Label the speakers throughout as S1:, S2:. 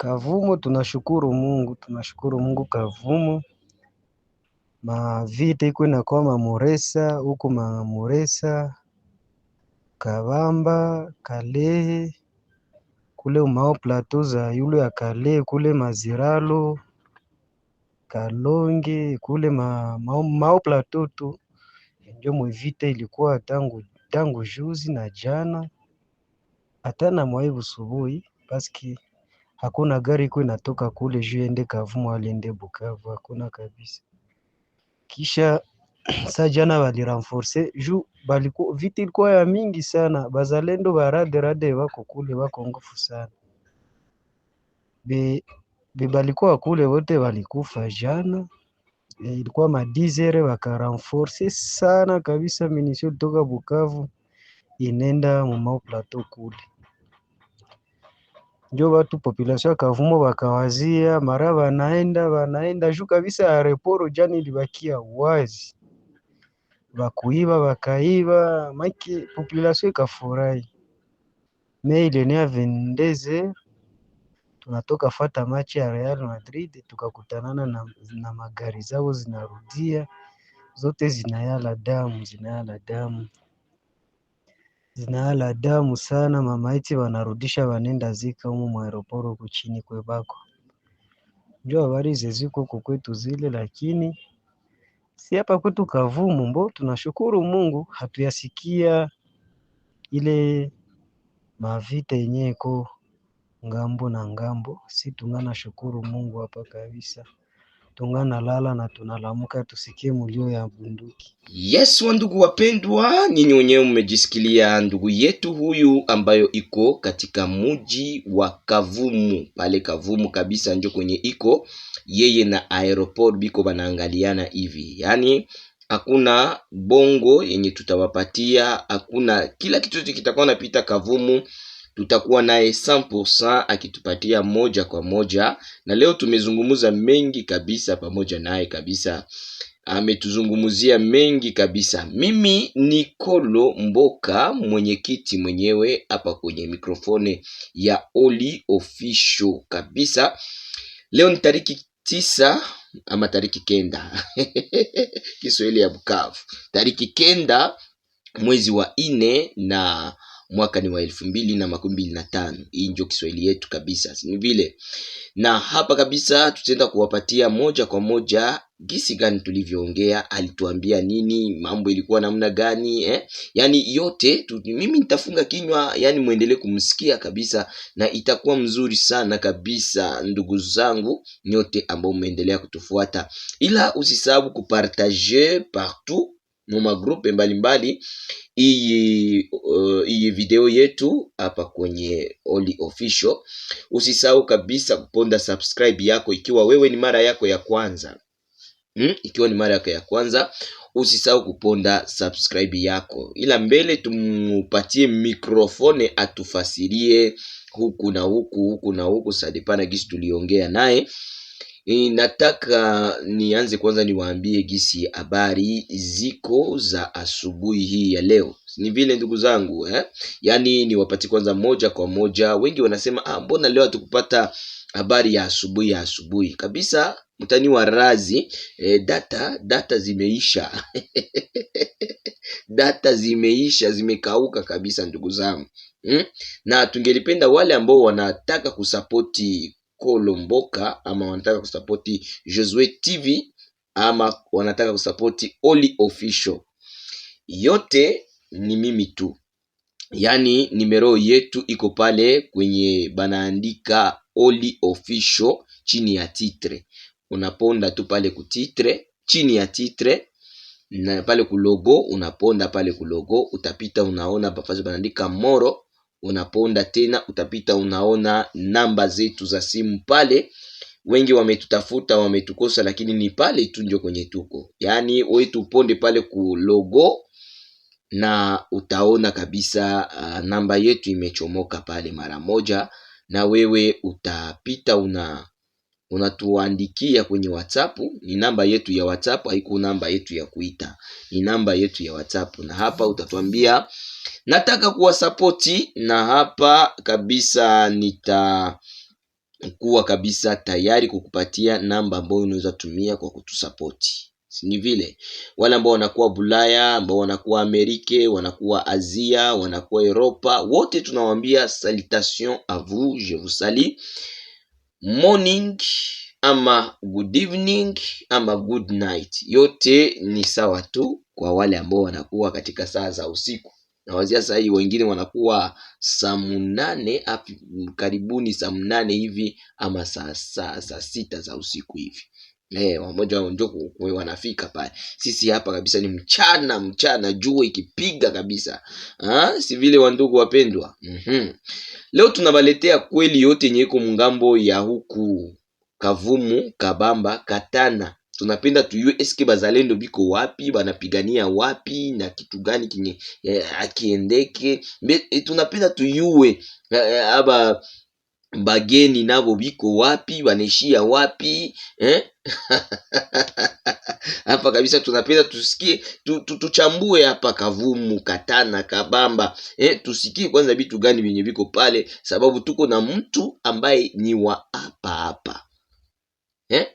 S1: Kavumu tunashukuru Mungu, tunashukuru Mungu Kavumu mavita iko inakuwa Mamuresa huku Mamuresa, Kabamba, Kalehe kule umao plateau za yule ya Kalehe kule Maziralo, Kalonge kule ma, ma, mao plateau tu ndio mwevita ilikuwa tangu, tangu juzi na jana hata na mwaibu subuhi paski Hakuna gari iko inatoka kule juu iende Kavumu au iende Bukavu, hakuna kabisa. Kisha sa jana balirenforce juu baliku vita ilikuwa ya mingi sana, bazalendo rade wako kule wako ngufu sana be, be balikuwa kule wote balikufa jana e, ilikuwa madizere bakarenforce sana kabisa minisio toka Bukavu inenda mumau plateau kule njo batu population ya bakawazia mara banaenda banaenda juu kabisa, reporo jani ilibakia wazi, bakuiba bakaiba, maki population ikafurahi. Me ilenea vendeze tunatoka fata machi ya Real Madrid tukakutanana na, na magari zao zinarudia zote zinayala damu zinayala damu zinaala damu sana mamaiti wanarudisha wanenda zika umu mwaeroporo kuchini chini kwebako. njo habari zeziko kukwetu kwetu zile lakini si hapa kwetu Kavumu mbo tunashukuru Mungu hatuyasikia ile mavita yenye ngambo na ngambo si tungana shukuru Mungu hapa kabisa tunganalala na tunalamuka tusikie mulio ya bunduki.
S2: Yes, wa ndugu wapendwa, nyinyi wenyewe mmejisikilia ndugu yetu huyu ambayo iko katika muji wa Kavumu, pale Kavumu kabisa njo kwenye iko yeye na aeroport biko banaangaliana hivi, yaani hakuna bongo yenye tutawapatia, hakuna kila kitu kitakuwa napita Kavumu tutakuwa naye 100% akitupatia moja kwa moja, na leo tumezungumza mengi kabisa pamoja naye kabisa, ametuzungumzia mengi kabisa. Mimi ni Kolo Mboka, mwenyekiti mwenyewe hapa kwenye mikrofone ya Oli Official kabisa. Leo ni tariki tisa ama tariki kenda Kiswahili ya Bukavu, tariki kenda mwezi wa ine na mwaka ni wa elfu mbili na makumi mbili na tano. Hii ndio Kiswahili yetu kabisa, ni vile. Na hapa kabisa tutaenda kuwapatia moja kwa moja gisi gani tulivyoongea, alituambia nini, mambo ilikuwa namna gani eh? Yani yote tu, mimi nitafunga kinywa, yani mwendelee kumsikia kabisa, na itakuwa mzuri sana kabisa, ndugu zangu nyote ambao mmeendelea kutufuata, ila usisahau kupartage partout mu magrupe mbalimbali iyi, uh, iyi video yetu hapa kwenye Holly Official. Usisahau kabisa kuponda subscribe yako ikiwa wewe ni mara yako ya kwanza hmm? Ikiwa ni mara yako ya kwanza usisahau kuponda subscribe yako, ila mbele tumupatie mikrofone atufasirie huku na huku huku na huku, sadepana gisi tuliongea naye. Eh, nataka nianze kwanza niwaambie gisi habari ziko za asubuhi hii ya leo. Ni vile ndugu zangu eh? Yaani niwapati kwanza moja kwa moja. Wengi wanasema ah, mbona leo hatukupata habari ya asubuhi ya asubuhi kabisa. Mtani wa razi eh, data data zimeisha data zimeisha, zimekauka kabisa ndugu zangu hmm? Na tungelipenda wale ambao wanataka kusapoti Kolomboka ama wanataka kusapoti Josue TV ama wanataka kusapoti Oli Official, yote ni mimi tu. Yaani nimero yetu iko pale kwenye banaandika Oli Official chini ya titre, unaponda tu pale kutitre, chini ya titre na pale kulogo, unaponda pale kulogo, utapita unaona bafazi banaandika Moro unaponda tena, utapita unaona namba zetu za simu pale. Wengi wametutafuta wametukosa, lakini ni pale tu ndio kwenye tuko. Yaani wewe tuponde pale ku logo na utaona kabisa uh, namba yetu imechomoka pale mara moja, na wewe utapita una unatuandikia kwenye WhatsApp. Ni namba yetu ya WhatsApp, haiko namba yetu ya kuita, ni namba yetu ya WhatsApp, na hapa utatuambia nataka kuwasapoti na hapa kabisa nita kuwa kabisa tayari kukupatia namba ambayo unaweza tumia kwa kutusapoti ni vile wale ambao wanakuwa bulaya ambao wanakuwa amerike wanakuwa azia wanakuwa europa wote tunawambia salutation a vous je vous salue morning ama good evening ama good night yote ni sawa tu kwa wale ambao wanakuwa katika saa za usiku na wazia sasa hivi wengine wanakuwa saa munane karibuni saa munane hivi ama saa, saa, saa sita za usiku hivi Eh, wamoja ndio wanafika pale. Sisi hapa kabisa ni mchana mchana, jua ikipiga kabisa, si vile wandugu wapendwa? mm -hmm. Leo tunawaletea kweli yote yenye iko ya huku Kavumu, Kabamba, Katana tunapenda tuyue eske bazalendo biko wapi, banapigania wapi na kitu gani kinye eh, akiendeke. Eh, tunapenda tuyue eh, aba bageni nabo biko wapi, banaishia wapi eh? hapa kabisa tunapenda tusikie tu, tu, tuchambue hapa Kavumu, Katana, Kabamba eh, tusikie kwanza vitu gani vyenye viko pale, sababu tuko na mtu ambaye ni wa hapa hapa eh?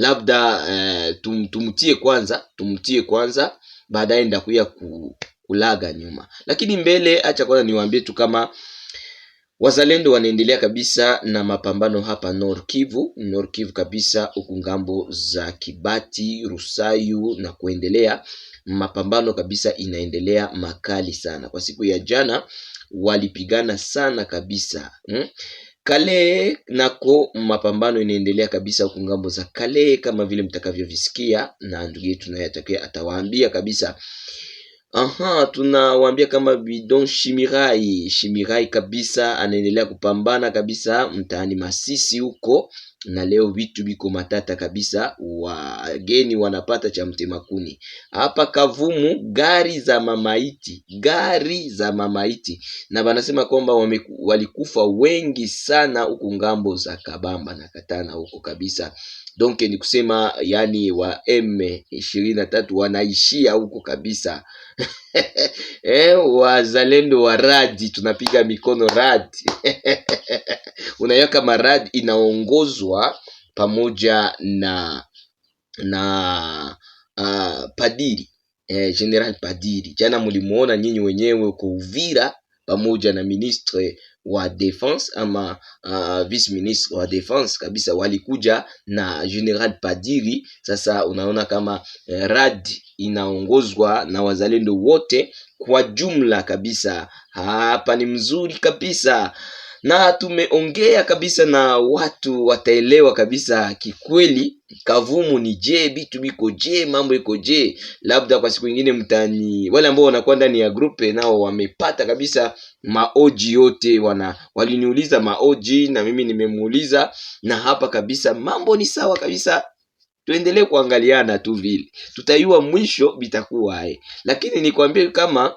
S2: labda eh, tumtie kwanza tumtie kwanza baadaye ndakuya ku, kulaga nyuma. Lakini mbele, acha kwanza niwaambie tu kama wazalendo wanaendelea kabisa na mapambano hapa Nord Kivu, Nord Kivu kabisa, huku ngambo za Kibati, Rusayu na kuendelea, mapambano kabisa inaendelea makali sana. Kwa siku ya jana walipigana sana kabisa hmm? Kale nako mapambano inaendelea kabisa huku ngambo za Kale, kama vile mtakavyovisikia, na ndugu yetu naye atawaambia kabisa Aha, tunawaambia kama Bidon Shimirai. Shimirai kabisa anaendelea kupambana kabisa mtaani Masisi huko, na leo vitu biko matata kabisa, wageni wanapata cha mtemakuni. Hapa Kavumu gari za mamaiti, gari za mamaiti, na banasema kwamba walikufa wengi sana huku ngambo za Kabamba na Katana huko kabisa donc ni kusema yani wa M ishirini na tatu wanaishia huko kabisa. Eh, wazalendo wa radi tunapiga mikono radi kama rad inaongozwa pamoja na na uh, padiri eh, General Padiri. Jana mulimuona nyinyi wenyewe kwa Uvira pamoja na ministre wa defense ama uh, vice ministre wa defense kabisa walikuja na General Padiri. Sasa unaona kama eh, RAD inaongozwa na wazalendo wote kwa jumla kabisa. Hapa ni mzuri kabisa na tumeongea kabisa na watu wataelewa kabisa kikweli kavumu ni je, bitu biko je, mambo iko je. Labda kwa siku ingine mtani, wale ambao wanakuwa ndani ya grupe nao wamepata kabisa maoji yote, wana waliniuliza maoji na mimi nimemuuliza, na hapa kabisa mambo ni sawa kabisa. Tuendelee kuangaliana tu vile tutayua mwisho bitakuwa hai, lakini nikwambie kama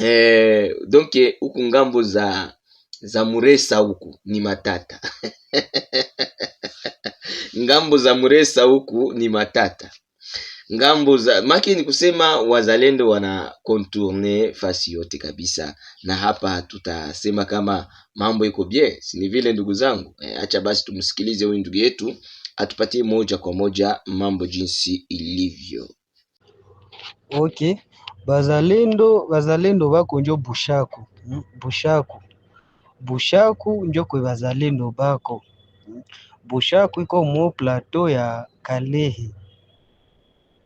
S2: eh, donc huku ngambo za za Muresa huku ni matata ngambo za Muresa huku ni matata ngambo za maki, ni kusema wazalendo wana contourne fasi yote kabisa, na hapa tutasema kama mambo iko bien, si ni vile ndugu zangu e, acha basi tumsikilize huyu ndugu yetu atupatie moja kwa moja mambo jinsi ilivyo.
S1: Okay, bazalendo bazalendo bako njo Bushako hmm, Bushako njo njokwe bazalendo bako Bushaku iko mu plateau ya Kalehe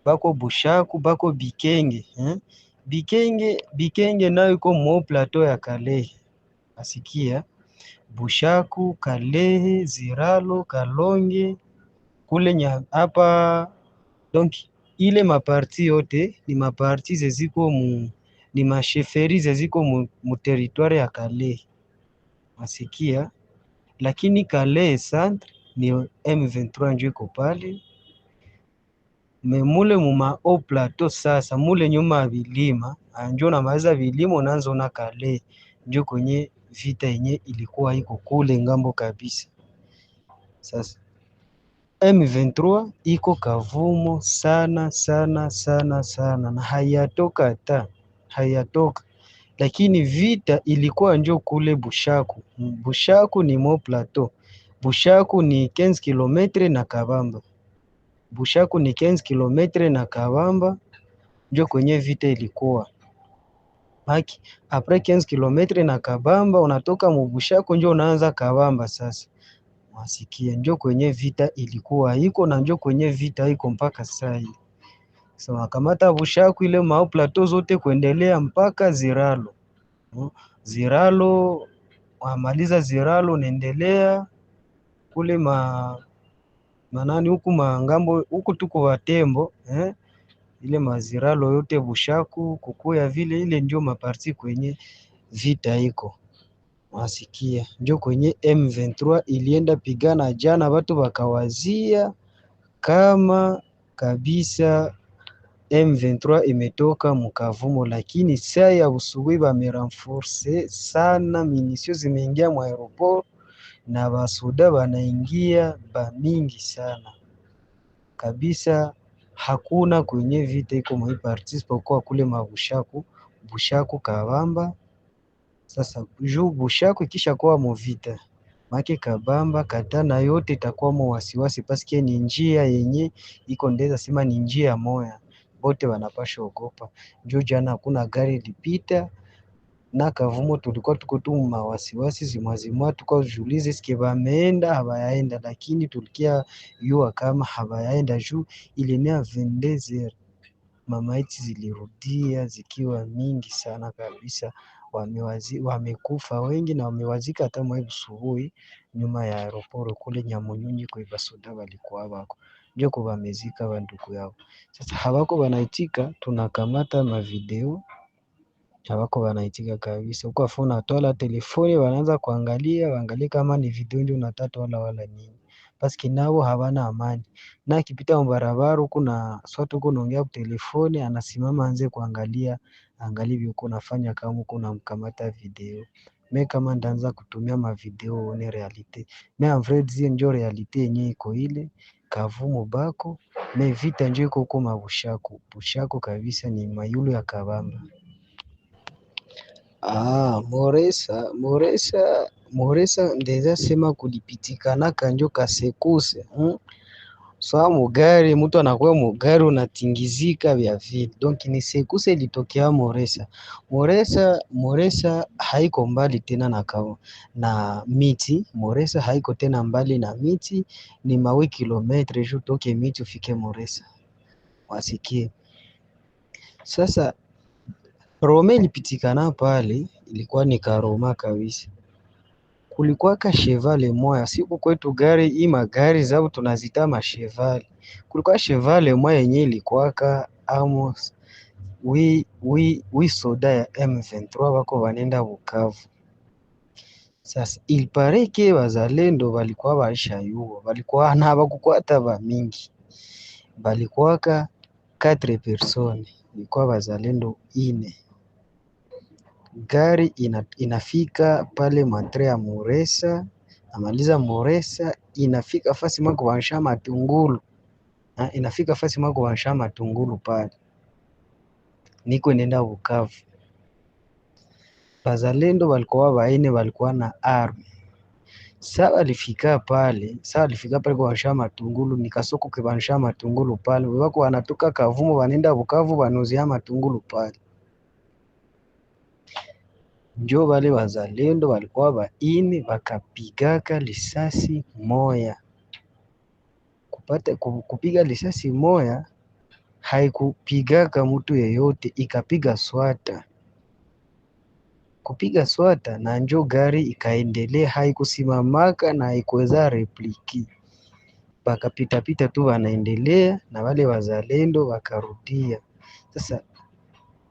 S1: bako Bushaku bako Bikenge Bikenge Bikenge nayo iko mu plateau ya Kalehe asikia Bushaku Kalehe Ziralo Kalonge kule nya hapa donc ile maparti yote ni maparti zeziko mu ni masheferi zeziko mu, mu territoire ya Kalehe Masikia, lakini kale centre ni M23 njo iko pale me mule muma o plateau sasa, mule nyuma ya vilima anjo ah, namaliza vilima unaanza na kale njo kwenye vita yenye ilikuwa iko kule ngambo kabisa. Sasa M23 iko kavumo sana sana sana sana, na hayatoka hata hayatoka lakini vita ilikuwa njo kule Bushaku. Bushaku ni mo plateau, Bushaku ni 15 kilometre na Kabamba, Bushaku ni 15 kilometre na Kabamba, njo kwenye vita ilikuwa haki apres 15 kilometre na Kabamba, unatoka mubushaku njo unaanza Kabamba. Sasa wasikia njo kwenye vita ilikuwa iko na njo kwenye vita iko mpaka sasa hivi. So akamata Bushaku ile mao plateau zote kuendelea mpaka Ziralo. Ziralo wamaliza Ziralo, naendelea kule ma manani huku mangambo huku tuko Watembo eh? ile maziralo yote Bushaku kukuya vile ile ndio maparti kwenye vita iko wasikia, ndio kwenye M23 ilienda pigana jana, watu wakawazia kama kabisa M23 imetoka mkavumo, lakini saa ya usubuhi bameranforce sana, minisio zimeingia mwa aeroport na basuda banaingia bamingi sana kabisa. Hakuna kwenye vita iko mwa partis pokuwa kule mabushaku bushaku kabamba. Sasa juu bushaku ikisha kuwa movita make kabamba na yote itakuwa mo wasiwasi, paske ni njia yenye iko ndeza sema ni njia moya bote wanapasha ogopa juu jana hakuna gari ilipita na kavumo tulikuwa tuko tu mawasiwasi zimwazimwa, tukajulize sike bameenda habayaenda, lakini tulikia yua kama habayaenda juu ilinea vendezer mamaiti zilirudia zikiwa mingi sana kabisa, wamewazi, wamekufa wengi na wamewazika hata mwai busubuhi nyuma ya aeroporo kule Nyamunyunyi kwa Ibasoda walikuwa wako Joko wamezika wa ndugu yao. Sasa hawako wanaitika, tunakamata mavideo hawako wanaitika kabisa. Huko afu unatola telefoni, wanaanza kuangalia, waangalie kama ni video ndio natatu wala wala nini. Paski nao hawana amani. Na akipita mbarabara huko na sote huko naongea kwa telefoni, anasimama anze kuangalia, angalie vile uko nafanya kama uko mkamata video. Me kama ndaanza kutumia mavideo one reality Me en vrai ndio realite yenyewe iko ile. Kavumu bako ne vita nje kokoma bushaku bushaku kabisa ni mayulu ya kabamba ah, moresa moresa moresa ndeza sema kulipitikana kanjo kasekuse hmm? saa mugari mtu anakuwa mugari unatingizika vya vile donc ni sekuse ilitokea Moresa. Moresa Moresa haiko mbali tena na kao na miti Moresa haiko tena mbali na miti, ni mawe kilometre juu toke miti ufike Moresa wasikie sasa Rome ilipitikana pale, ilikuwa ni karoma kabisa ka chevale moya siku kwetu gari i magari zao tunazita chevale kulikuwa chevale moya yenye ka amo wi, wi, wi soda ya M23 wako wanenda Bukavu. Sasa ilipareke bazalendo balikuwa baisha yuo balikuwa na bakukwata ba mingi ka 4 persone ilikuwa bazalendo ine Gari inafika pale matre ya Muresa, namaliza Muresa inafika fasi mwako bansha matungulu, inafika fasi mwako bansha matungulu pale, niko nenda Bukavu. Bazalendo walikuwa baine, balikuwa na arme Saa walifika pale, saa alifika pale kwa Matungulu, nikasoko ke Matungulu pale, wako wanatoka Kavumu wanenda Bukavu, banozia matungulu pale njo wale wazalendo walikuwa baine bakapigaka lisasi moya kupata, kupiga lisasi moya haikupigaka mtu yeyote, ikapiga swata kupiga swata, na njo gari ikaendelea, haikusimamaka na haikuweza repliki, bakapitapita tu wanaendelea, na wale wazalendo wakarudia sasa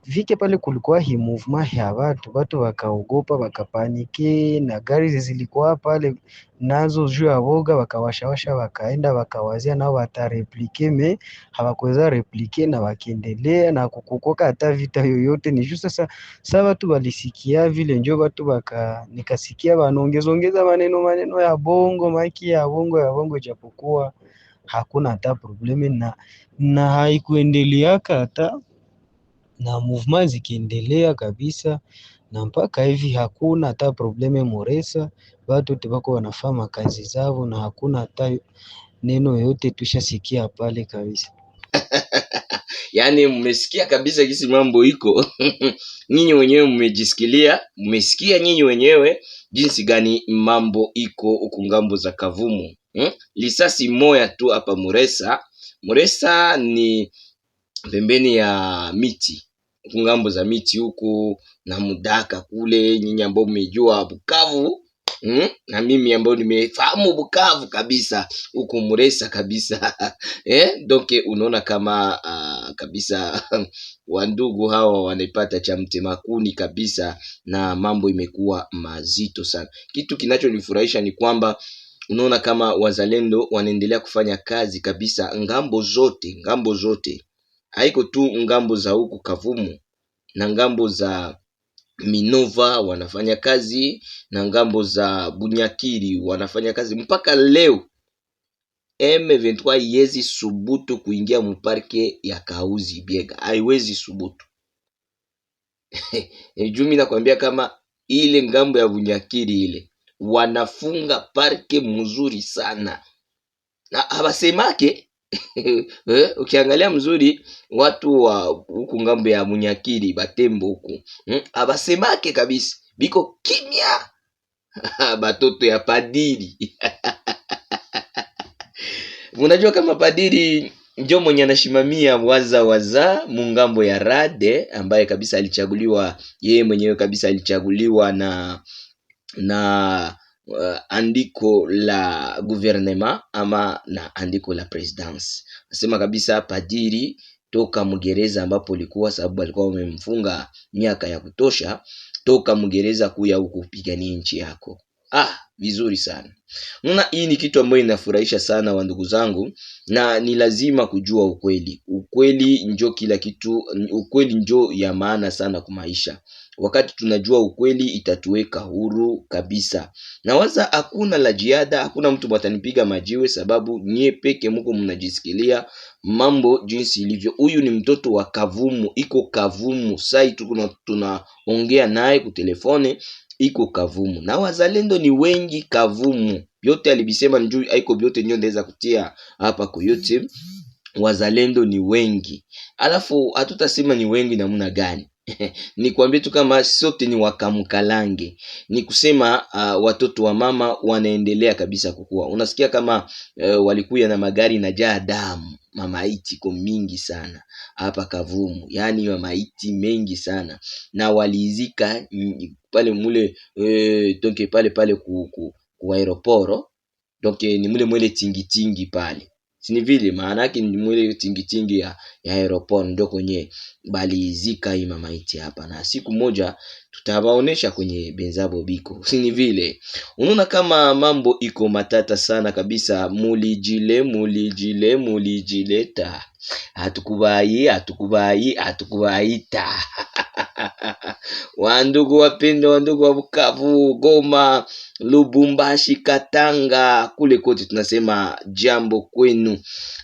S1: vike pale kulikuwa hii movement ya watu, watu wakaogopa wakapaniki, na gari zilikuwa pale nazo juu ya woga, wakawashawasha wakaenda, wakawazia nao watareplike, me hawakuweza replike na wakiendelea na kukukoka hata vita yoyote. Ni juu sasa sa watu walisikia vile, njo watu waka nikasikia ongeza maneno maneno ya bongo maki ya bongo ya bongo, japokuwa hakuna hata probleme na, na haikuendeleaka hata na movement zikiendelea kabisa, na mpaka hivi hakuna hata probleme moresa, watu wote wako wanafanya kazi zao, na hakuna hata neno yote tushasikia pale kabisa.
S2: Yaani mmesikia kabisa jinsi mambo iko. Nyinyi wenyewe mmejisikilia, mmesikia nyinyi wenyewe jinsi gani mambo iko huku ngambo za Kavumu. Hmm? Lisasi moya tu hapa Muresa. Muresa ni pembeni ya miti huku ngambo za miti huku na mudaka kule, nyinyi ambao mmejua Bukavu mm? na mimi ambao nimefahamu Bukavu kabisa huku Muresa kabisa eh? donc unaona kama uh, kabisa wandugu hawa wanaipata cha mtemakuni kabisa, na mambo imekuwa mazito sana. Kitu kinachonifurahisha ni kwamba unaona kama wazalendo wanaendelea kufanya kazi kabisa ngambo zote, ngambo zote haiko tu ngambo za huku Kavumu na ngambo za Minova wanafanya kazi na ngambo za Bunyakiri wanafanya kazi mpaka leo. M23 haiwezi subutu kuingia muparke ya Kauzi Biega, haiwezi subutu jumi nakwambia kama ile ngambo ya Bunyakiri ile wanafunga parke mzuri sana na habasemake Eh, ukiangalia mzuri watu wa huku ngambo ya Munyakiri Batembo huku hmm, abasemake kabisa, biko kimya batoto ya padiri Munajua kama padiri njo mwenye anashimamia waza waza mungambo ya Rade, ambaye kabisa alichaguliwa yeye mwenyewe kabisa alichaguliwa na na uh, andiko la gouvernement ama na andiko la presidence. Nasema kabisa padiri toka mgereza ambapo alikuwa, sababu alikuwa amemfunga miaka ya kutosha, toka mgereza kuya huku kupigania nchi yako. Ah, vizuri sana mna. Hii ni kitu ambayo inafurahisha sana wa ndugu zangu, na ni lazima kujua ukweli. Ukweli njo kila kitu, ukweli njo ya maana sana kumaisha. Wakati tunajua ukweli, itatuweka huru kabisa. Nawaza hakuna la jiada hakuna mtu atanipiga majiwe sababu nyie peke muko mnajisikilia mambo jinsi ilivyo. Huyu ni mtoto wa Kavumu, iko Kavumu sai tunaongea naye kutelefone, iko Kavumu na wazalendo ni wengi Kavumu. Yote alibisema njui aiko byote ndio ndaweza kutia hapa kwa YouTube. wazalendo ni wengi. Alafu hatutasema ni wengi namna gani ni kuambia tu kama sote ni wakamkalange, ni kusema uh, watoto wa mama wanaendelea kabisa kukua. Unasikia kama uh, walikuya na magari najaa damu mamaiti ko mingi sana hapa Kavumu, yaani mamaiti mengi sana na walizika pale mule eh, donke pale pale ku, ku, ku aeroporo donke ni mule mwele tingitingi pale ni vile maana yake ni tingi tingitingi ya, ya aeropon ndo kwenye balizika hii mamaiti hapa, na siku moja tutawaonesha kwenye Benzabo Biko. Si ni vile unaona kama mambo iko matata sana kabisa, mulijile mulijile mulijileta, hatukubai hatukubai hatukubaita Wandugu wapendwa, wandugu wa Bukavu, Goma, Lubumbashi, Katanga, kule kote tunasema jambo kwenu,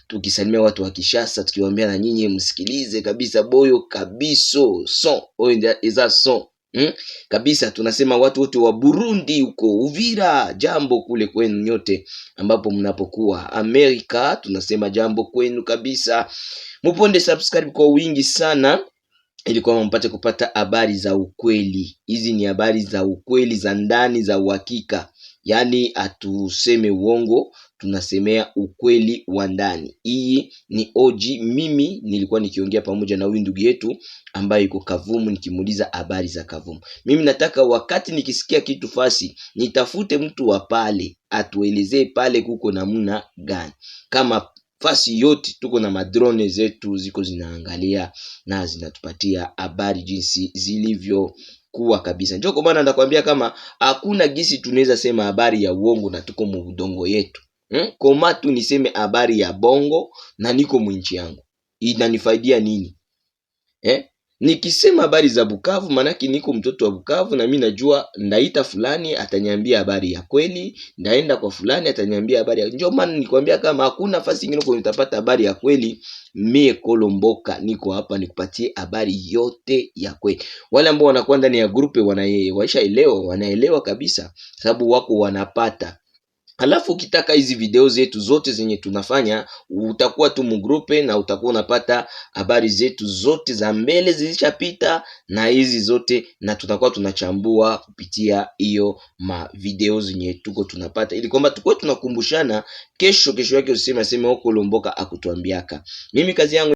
S2: tukisalimia watu wa Kishasa, tukiwaambia na nyinyi msikilize kabisa boyo kabiso son oyo eza son Hmm? Kabisa tunasema watu wote wa Burundi huko Uvira, jambo kule kwenu nyote ambapo mnapokuwa Amerika, tunasema jambo kwenu kabisa. Muponde subscribe kwa wingi sana ili kwamba mpate kupata habari za ukweli. Hizi ni habari za ukweli za ndani za uhakika, yaani hatuseme uongo, tunasemea ukweli wa ndani. Hii ni OG, mimi nilikuwa nikiongea pamoja na huyu ndugu yetu ambaye yuko Kavumu, nikimuuliza habari za Kavumu. Mimi nataka wakati nikisikia kitu fasi nitafute mtu wa pale atuelezee pale kuko namna gani, kama fasi yote tuko na madrone zetu ziko zinaangalia na zinatupatia habari jinsi zilivyo kuwa kabisa. Njoo kwa maana ndakwambia kama hakuna gisi tunaweza sema habari ya uongo na tuko mu udongo yetu hmm? Koma tu niseme habari ya bongo na niko mwinchi yangu inanifaidia nini eh? Nikisema habari za Bukavu, maanake niko mtoto wa Bukavu na mi najua, ndaita fulani ataniambia habari ya kweli, ndaenda kwa fulani ataniambia habari ya njo maana nikwambia kama hakuna nafasi nyingine kwa nitapata habari ya kweli. Mie Kolomboka niko hapa nikupatie habari yote ya kweli. Wale ambao wanakuwa ndani ya grupe wanaye waishaelewa, wanaelewa kabisa, sababu wako wanapata Halafu ukitaka hizi video zetu zote zenye tunafanya, utakuwa tu mgrupe na utakuwa unapata habari zetu zote za mbele zilishapita na hizi zote, na tutakuwa tunachambua kupitia hiyo mavideo zenye tuko tunapata, ili kwamba tukuwe tunakumbushana. Kesho kesho yake useme aseme huko Lomboka akutuambiaka. Mimi kazi yangu